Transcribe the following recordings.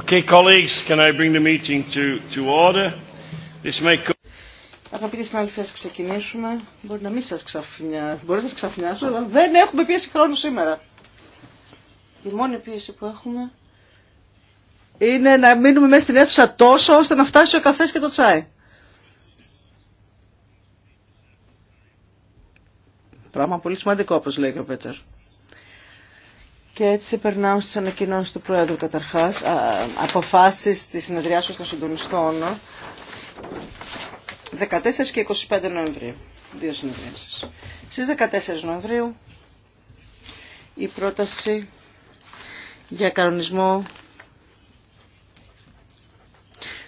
Okay, colleagues, can I bring the meeting to, to order? This may... Αγαπητοί συνάδελφοι, ας ξεκινήσουμε. Μπορεί να μην σας ξαφνιάσω, να σας ξαφνιάσω, αλλά δεν έχουμε πίεση χρόνου σήμερα. Η μόνη πίεση που έχουμε είναι να μείνουμε μέσα στην αίθουσα τόσο ώστε να φτάσει ο καφές και το τσάι. Πράγμα πολύ σημαντικό, όπως λέει και ο Πέτερ. Και έτσι περνάω στι ανακοινώσει του Πρόεδρου καταρχάς, αποφάσεις της συνεδριάσεως των συντονιστών 14 και 25 Νοεμβρίου. Δύο συνεδριάσεις. Στις 14 Νοεμβρίου η πρόταση για κανονισμό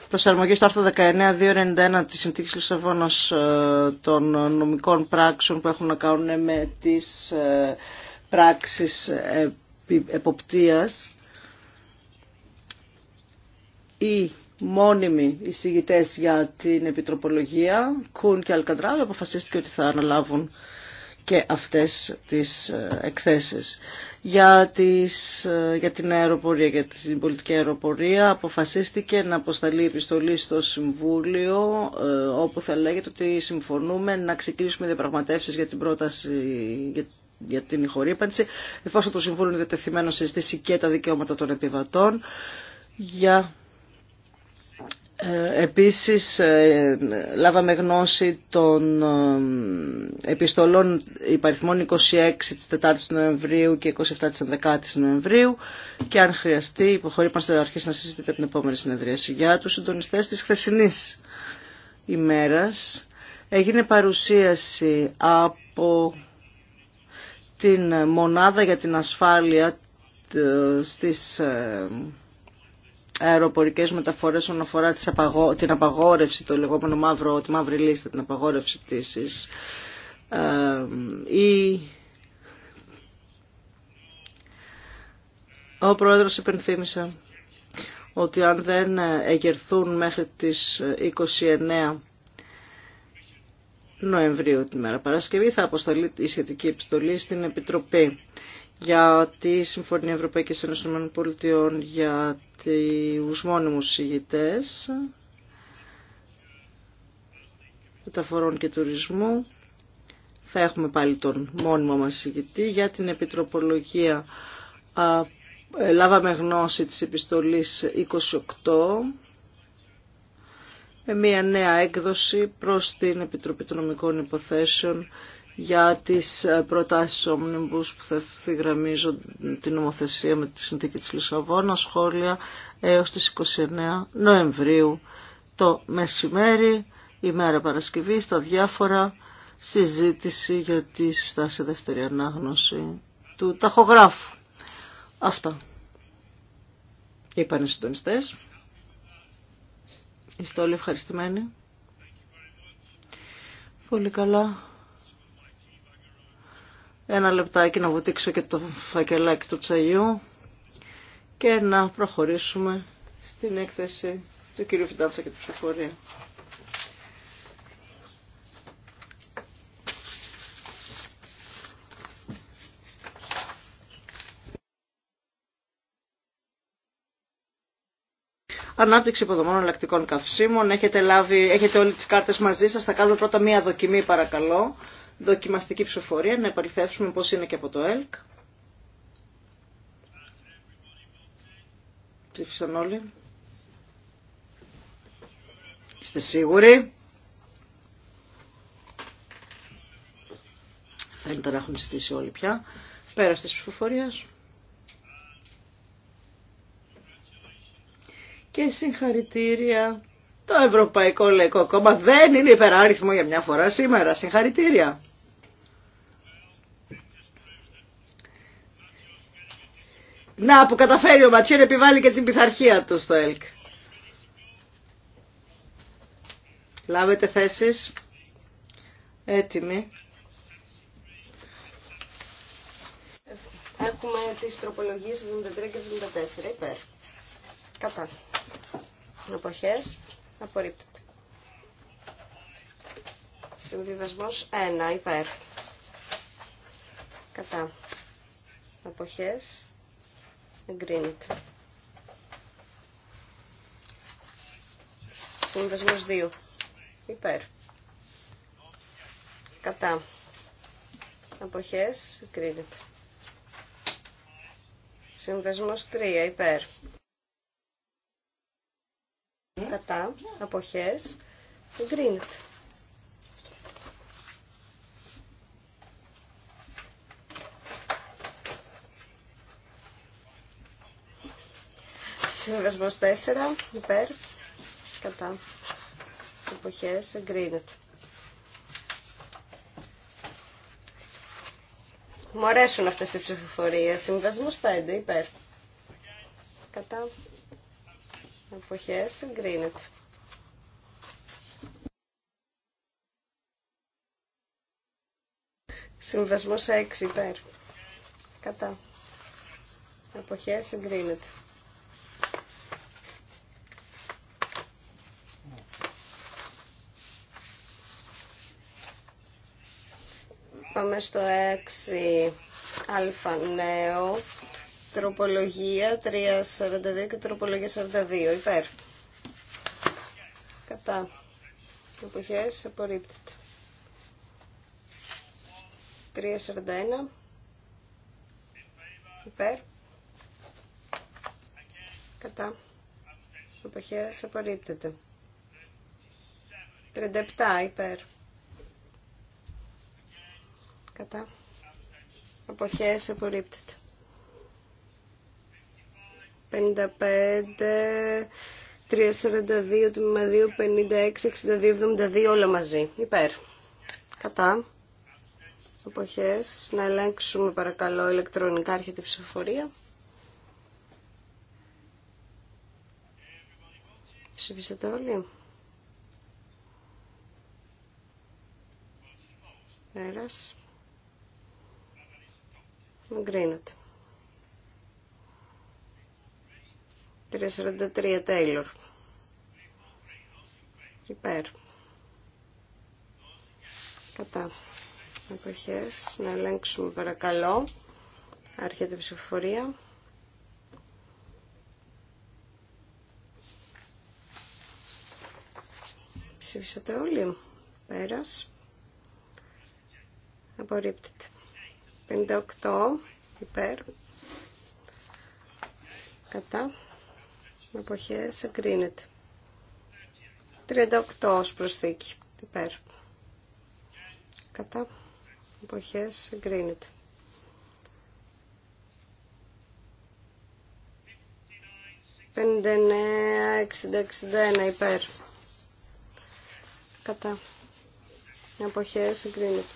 προσαρμογή στο άρθρο 19.291 της Συνθήκης Λισαβόνας ε, των νομικών πράξεων που έχουν να κάνουν με τις ε, πράξεις ε, εποπτείας οι μόνιμοι εισηγητές για την επιτροπολογία, Κούν και Αλκαντράου, αποφασίστηκε ότι θα αναλάβουν και αυτές τις ε, εκθέσεις. Για, τις, ε, για την αεροπορία, για την πολιτική αεροπορία αποφασίστηκε να αποσταλεί επιστολή στο Συμβούλιο ε, όπου θα λέγεται ότι συμφωνούμε να ξεκινήσουμε διαπραγματεύσεις για την πρόταση, για την χορύπανση, εφόσον το Συμβούλιο είναι δετεθειμένο να συζητήσει και τα δικαιώματα των επιβατών, για ε, Επίσης ε, λάβαμε γνώση των ε, επιστολών υπαριθμών 26 της 4ης Νοεμβρίου και 27 της 11ης Νοεμβρίου και αν χρειαστεί υποχωρήπαν στην αρχή να συζητείτε την επόμενη συνεδρίαση. Για τους συντονιστές της χθεσινής ημέρας έγινε παρουσίαση από την μονάδα για την ασφάλεια ε, στις ε, αεροπορικές μεταφορές όσον αφορά την απαγόρευση, το λεγόμενο μαύρο, τη μαύρη λίστα, την απαγόρευση πτήσης. Ε, ο Πρόεδρος υπενθύμησε ότι αν δεν εγερθούν μέχρι τις 29 Νοεμβρίου τη μέρα Παρασκευή θα αποσταλεί η σχετική επιστολή στην Επιτροπή για τη Συμφωνία Ευρωπαϊκής Ένωσης των Πολιτειών για τους μόνιμους συγητές μεταφορών και τουρισμού. Θα έχουμε πάλι τον μόνιμο μας ηγητή για την επιτροπολογία. Ε, λάβαμε γνώση της επιστολής 28 μια νέα έκδοση προς την Επιτροπή των Νομικών Υποθέσεων για τις ε, προτάσεις όμνιμπους που θα ευθυγραμμίζουν την νομοθεσία με τη συνθήκη της Λισαβόνα σχόλια έως τις 29 Νοεμβρίου το μεσημέρι, μερα Παρασκευή, στα διάφορα συζήτηση για τη στάση δεύτερη ανάγνωση του ταχογράφου. Αυτά. Είπαν οι συντονιστές. Είστε όλοι ευχαριστημένοι. Πολύ καλά. Ένα λεπτάκι να βουτήξω και το φακελάκι του τσαγιού και να προχωρήσουμε στην έκθεση του κύριου Φιντάτσα και του ψηφορία. ανάπτυξη υποδομών ελεκτικών καυσίμων. Έχετε, λάβει, έχετε όλες τις κάρτες μαζί σας. Θα κάνουμε πρώτα μία δοκιμή παρακαλώ. Δοκιμαστική ψηφοφορία, να επαληθεύσουμε πώς είναι και από το ΕΛΚ. Ψήφισαν όλοι. Είστε σίγουροι. Φαίνεται να έχουν ψηφίσει όλοι πια. Πέρα τη ψηφοφορία. και συγχαρητήρια. Το Ευρωπαϊκό Λαϊκό Κόμμα δεν είναι υπεράριθμο για μια φορά σήμερα. Συγχαρητήρια. Να, που καταφέρει ο Ματσίρ επιβάλλει και την πειθαρχία του στο ΕΛΚ. Λάβετε θέσεις. Έτοιμοι. Έχουμε τις τροπολογίες 73 και 74. Υπέρ. Κατά. Εποχές. Απορρίπτεται. Συμβιβασμός 1. Υπέρ. Κατά. Εποχές. Εγκρίνεται. Συμβιβασμός 2. Υπέρ. Κατά. Αποχές. Εγκρίνεται. Συμβιβασμός 3. Υπέρ κατά, αποχές, εγκρίνεται. Συμβασμός 4, υπέρ, κατά, αποχές, εγκρίνεται. Μου αρέσουν αυτές οι ψηφοφορίες. Συμβασμός 5, υπέρ. Κατά εποχές συγκρίνεται. Συμβασμός 6 υπέρ. Κατά. Εποχές συγκρίνεται. Πάμε στο 6 α νέο Τροπολογία 3.42 και τροπολογία 42. Υπέρ. Κατά. Εποχές απορρίπτεται. 3.41. Υπέρ. Κατά. Εποχές απορρίπτεται. 37. Υπέρ. Κατά. Εποχές απορρίπτεται. 55, 342, τμήμα 2, 56, 62, 72, όλα μαζί. Υπέρ. Κατά. Εποχές. Να ελέγξουμε παρακαλώ ηλεκτρονικά έρχεται ψηφοφορία. Ψηφίσατε όλοι. Πέρας. Εγκρίνεται. 343 Τέιλορ. Υπέρ. Κατά. Εποχές. Να ελέγξουμε παρακαλώ. Άρχεται η ψηφοφορία. Ψήφισατε όλοι. Πέρας. Απορρίπτεται. 58 υπέρ. Κατά εποχές εγκρίνεται. 38 ως προσθήκη. Υπέρ. Κατά. Εποχές εγκρίνεται. 59-60-61 υπέρ. Κατά. Εποχές εγκρίνεται.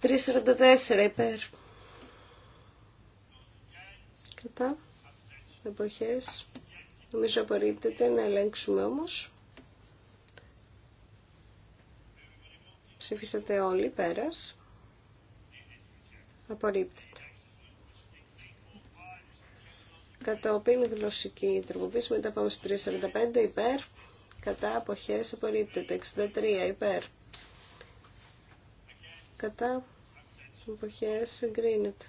344 υπέρ. Κατά εποχές. Νομίζω απορρίπτεται να ελέγξουμε όμως. Ψηφίσατε όλοι, πέρας. Απορρίπτεται. Κατόπιν γλωσσική τροποποίηση, μετά πάμε στο 345 υπέρ, κατά αποχές απορρίπτεται, 63 υπέρ. Κατά αποχές εγκρίνεται.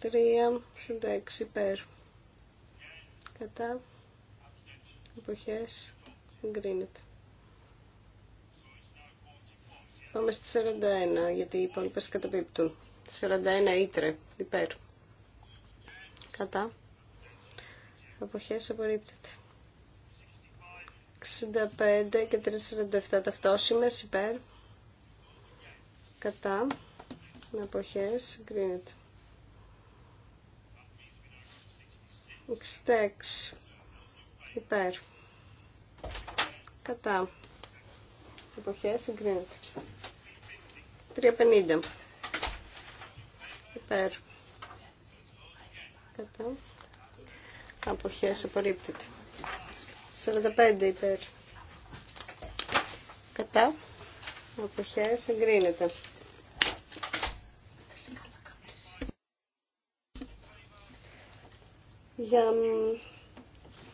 3, 6 υπέρ. Κατά. Εποχές. Εγκρίνεται. Πάμε στη 41, γιατί οι υπόλοιπε καταπίπτουν. 41 ήτρε, υπέρ. Κατά. εποχές, απορρίπτεται. 65 και 347 ταυτόσημες, υπέρ. Κατά. εποχές, εγκρίνεται. 66 υπέρ κατά εποχές συγκρίνεται 350 υπέρ κατά αποχές απορρίπτεται 45 υπέρ κατά αποχές εγκρίνεται για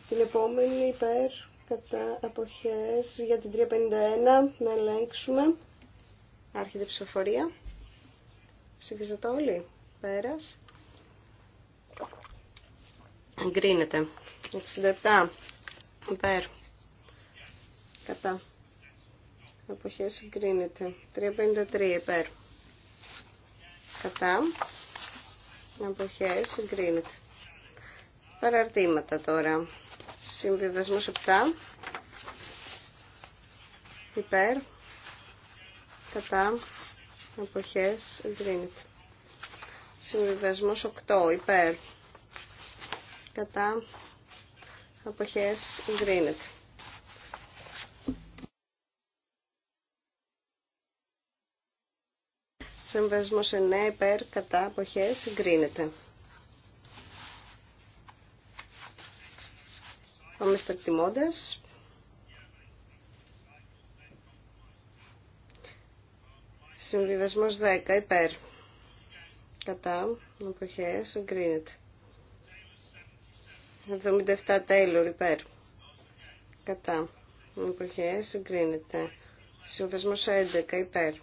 την επόμενη υπέρ κατά αποχές για την 351 να ελέγξουμε άρχεται ψηφοφορία ψηφίζετε όλοι πέρας εγκρίνεται 67 υπέρ κατά αποχές εγκρίνεται 353 υπέρ κατά αποχές εγκρίνεται Παραρτήματα τώρα. Συμβιβασμό 7. Υπέρ. Κατά. εποχέ, Εγκρίνεται. Συμβιβασμό 8. Υπέρ. Κατά. εποχέ Εγκρίνεται. Συμβασμός 9. Υπέρ. Κατά. Αποχές. Εγκρίνεται. Πάμε στα εκτιμώντας. Συμβιβασμός 10 υπέρ. Κατά εποχές εγκρίνεται. 77 Τέιλορ, υπέρ. Κατά εποχές εγκρίνεται. Συμβιβασμός 11 υπέρ.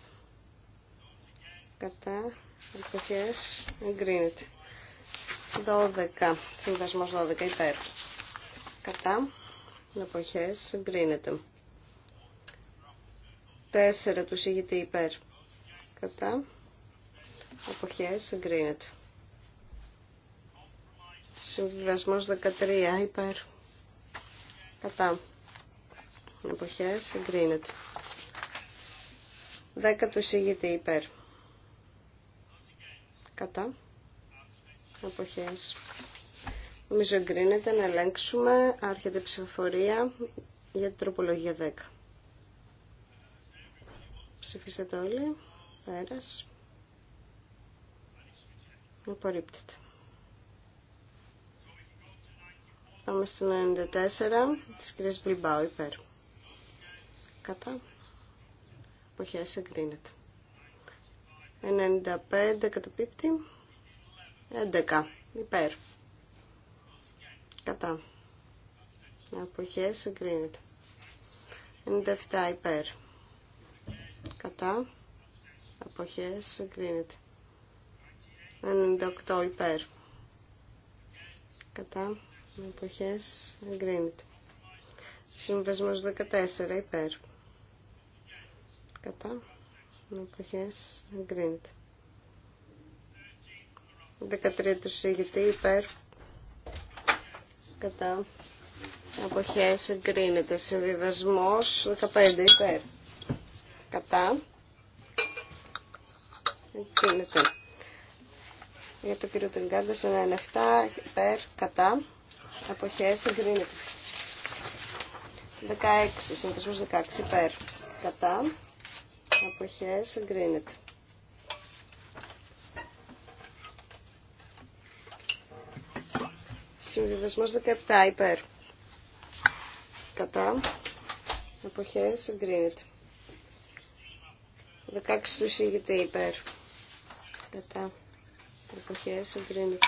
Κατά εποχές εγκρίνεται. 12. Συμβιβασμός 12 υπέρ κατά εποχές εγκρίνεται. Τέσσερα του ηγητή υπέρ κατά εποχές εγκρίνεται. Συμβιβασμός 13 υπέρ κατά εποχές εγκρίνεται. Δέκα του ηγητή υπέρ. Κατά εποχές Νομίζω εγκρίνεται να ελέγξουμε. Άρχεται ψηφοφορία για την τροπολογία 10. Ψηφίσατε όλοι. Πέρας. Απορρίπτεται. Πάμε στην 94 της κυρίας Μπιλμπάου υπέρ. Κατά. Αποχές εγκρίνεται. 95 πίπτη 11 υπέρ κατά Αποχέ εγκρίνεται 97 υπέρ κατά Αποχέ εγκρίνεται 98 υπέρ κατά Αποχέ εγκρίνεται Συμβεσμό 14 υπέρ κατά Αποχέ εγκρίνεται 13 του υπέρ κατά αποχές εγκρίνεται. Συμβιβασμός 15 υπέρ κατά εγκρίνεται. Για το κύριο Τριγκάντα 1,7 υπέρ κατά αποχές εγκρίνεται. 16, συμβιβασμός 16 υπέρ κατά αποχές εγκρίνεται. Συμβιβασμός 17 υπέρ. Κατά. Αποχές εγκρίνεται. 16 του εισηγητή υπέρ. Κατά. Αποχές εγκρίνεται.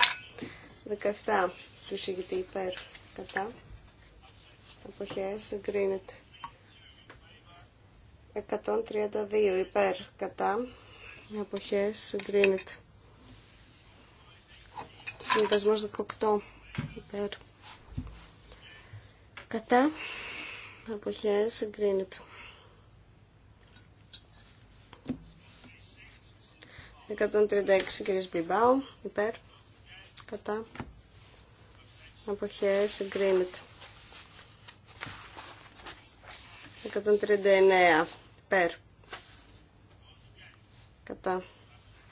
17 του εισηγητή υπέρ. Κατά. Αποχές εγκρίνεται. 132 υπέρ. Κατά. Αποχές εγκρίνεται. Συμβιβασμό 18 υπέρ κατά αποχές εγκρίνεται 136 κυρίες Μπιμπάου υπέρ κατά Κατά. εγκρίνεται 139 υπέρ κατά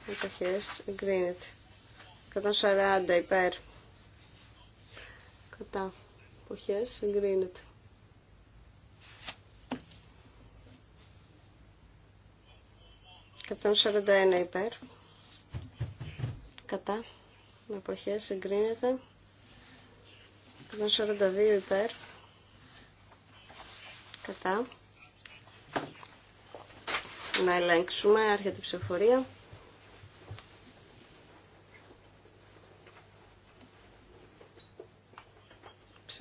αποχές εγκρίνεται 140 υπέρ κατά εποχές συγκρίνεται. 141 υπέρ κατά εποχές συγκρίνεται. 142 υπέρ κατά να ελέγξουμε, άρχεται η ψηφοφορία.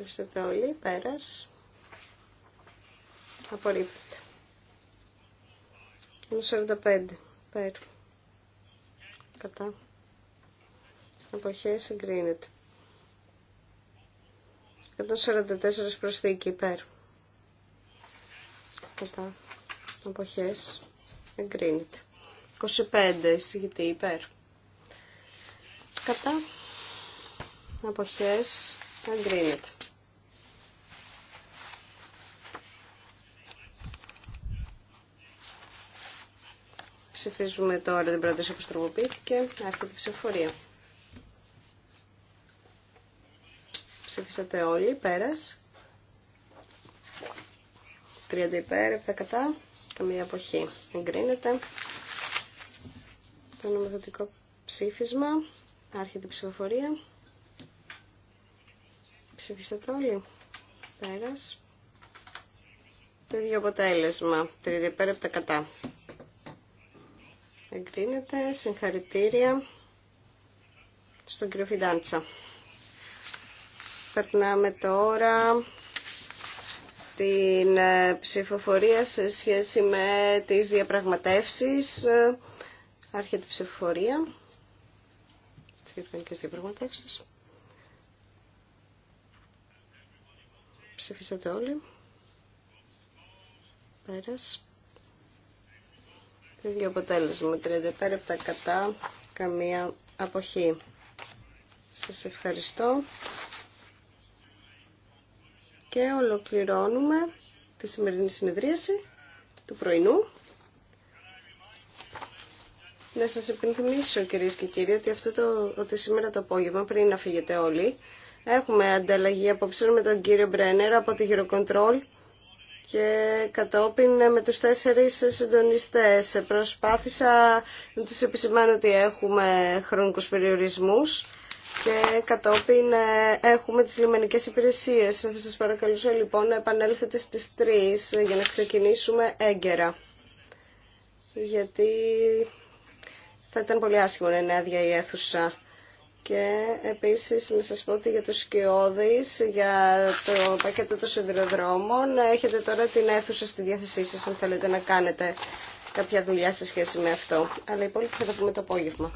Ψηφίσατε όλοι, πέρας. Απορρίπτεται. 45, πέρ. Κατά. Εποχές εγκρίνεται. 144 προσθήκη, υπέρ. Κατά. Εποχές εγκρίνεται. 25, εισηγητή, υπέρ. Κατά. Εποχές Εγκρίνεται. Ψηφίζουμε τώρα την πρόταση που στροποποιήθηκε. Άρχεται η ψηφοφορία. Ψήφισατε όλοι. Πέρας. 30 υπέρ, 7 κατά. Καμία αποχή. Εγκρίνεται. Το νομοθετικό ψήφισμα. Άρχεται η ψηφοφορία. Ψηφίσατε όλοι. Πέρας. Το ίδιο αποτέλεσμα. Τρίτη πέρα από τα κατά. Εγκρίνεται. Συγχαρητήρια στον κύριο Φιντάντσα. Περνάμε τώρα στην ε, ψηφοφορία σε σχέση με τις διαπραγματεύσεις. Άρχεται η ψηφοφορία. Τις διαπραγματεύσεις. Ψηφίσατε όλοι. Πέρας. Το ίδιο αποτέλεσμα. 37 κατά καμία αποχή. Σας ευχαριστώ. Και ολοκληρώνουμε τη σημερινή συνεδρίαση του πρωινού. Να σας υπενθυμίσω κυρίες και κύριοι ότι, αυτό το, ότι σήμερα το απόγευμα πριν να φύγετε όλοι Έχουμε ανταλλαγή απόψε με τον κύριο Μπρένερ από τη Eurocontrol και κατόπιν με τους τέσσερις συντονιστές. Προσπάθησα να τους επισημάνω ότι έχουμε χρονικούς περιορισμούς και κατόπιν ε, έχουμε τις λιμενικές υπηρεσίες. Θα σας παρακαλούσα λοιπόν να επανέλθετε στις 3 για να ξεκινήσουμε έγκαιρα. Γιατί θα ήταν πολύ άσχημο να είναι άδεια η αίθουσα. Και επίσης να σας πω ότι για τους σκιώδεις, για το πακέτο των σιδηροδρόμων, έχετε τώρα την αίθουσα στη διάθεσή σας, αν θέλετε να κάνετε κάποια δουλειά σε σχέση με αυτό. Αλλά οι θα τα πούμε το απόγευμα.